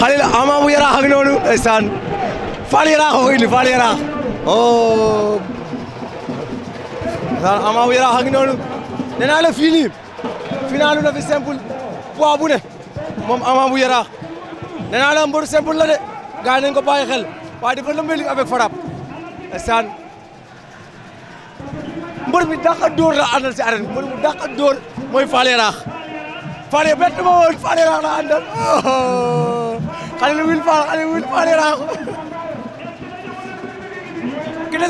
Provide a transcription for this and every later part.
xalil ama bu yaraax ak noonu ndeysaan faal yaraax ko indi faal yaraax oh ndeysaan ama bu yaraax ak noonu nee naa la fii nii finaalu fi simple poids bu ne moom ama bu yaraax nee naa la mbër simple la de gars yi nañ ko bàyyi xel waaye dafa lëmbali avec Farab ndeysaan mbër bi dàq a dóor la àndal si arène mbër bu dàq a mooy faal yaraax faal bett la àndal Khalil Wil Fall Khalil Wil Fall Yarakh ki ne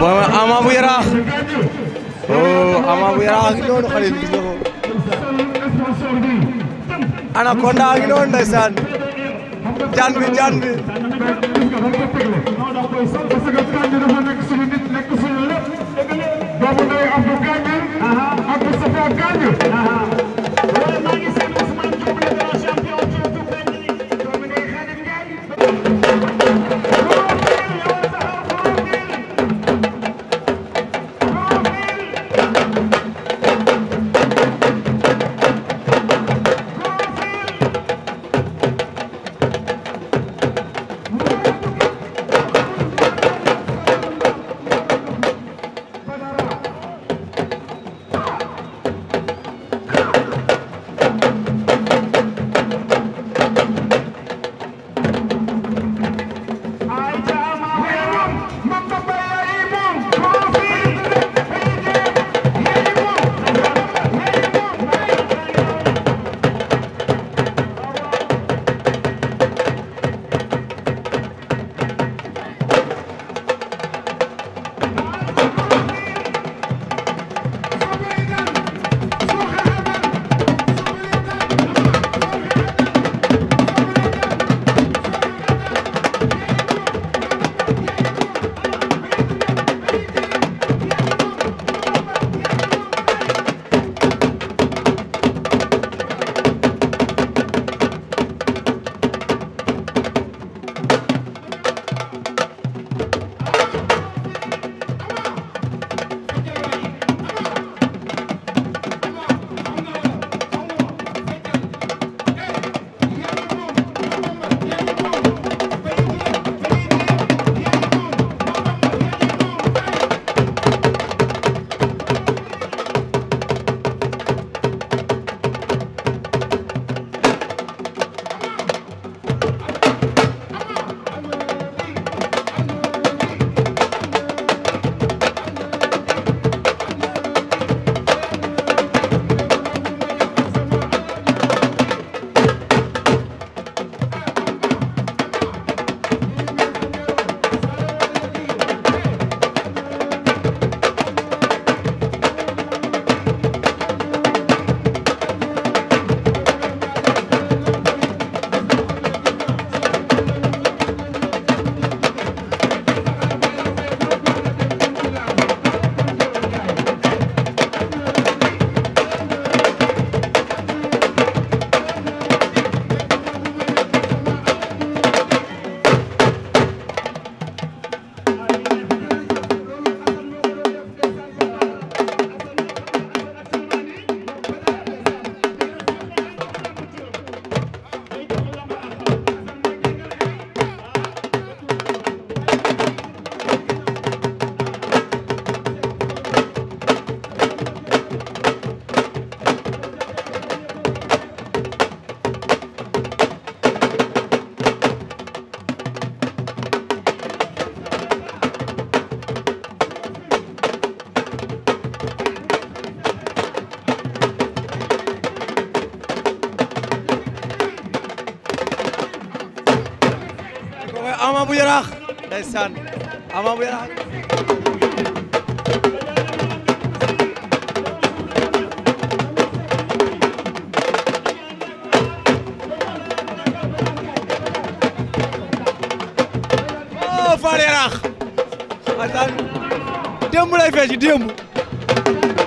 booy ma Ama bu Yaraax oh Ama bu Yaraax ak noonu xale bi gis nga ko Anaconda ak noonu ndeysaan jaan bi jaan bi Ama bu Yaraax ndeysaan Ama bu Yaraax Faal Yaraax démb lay fees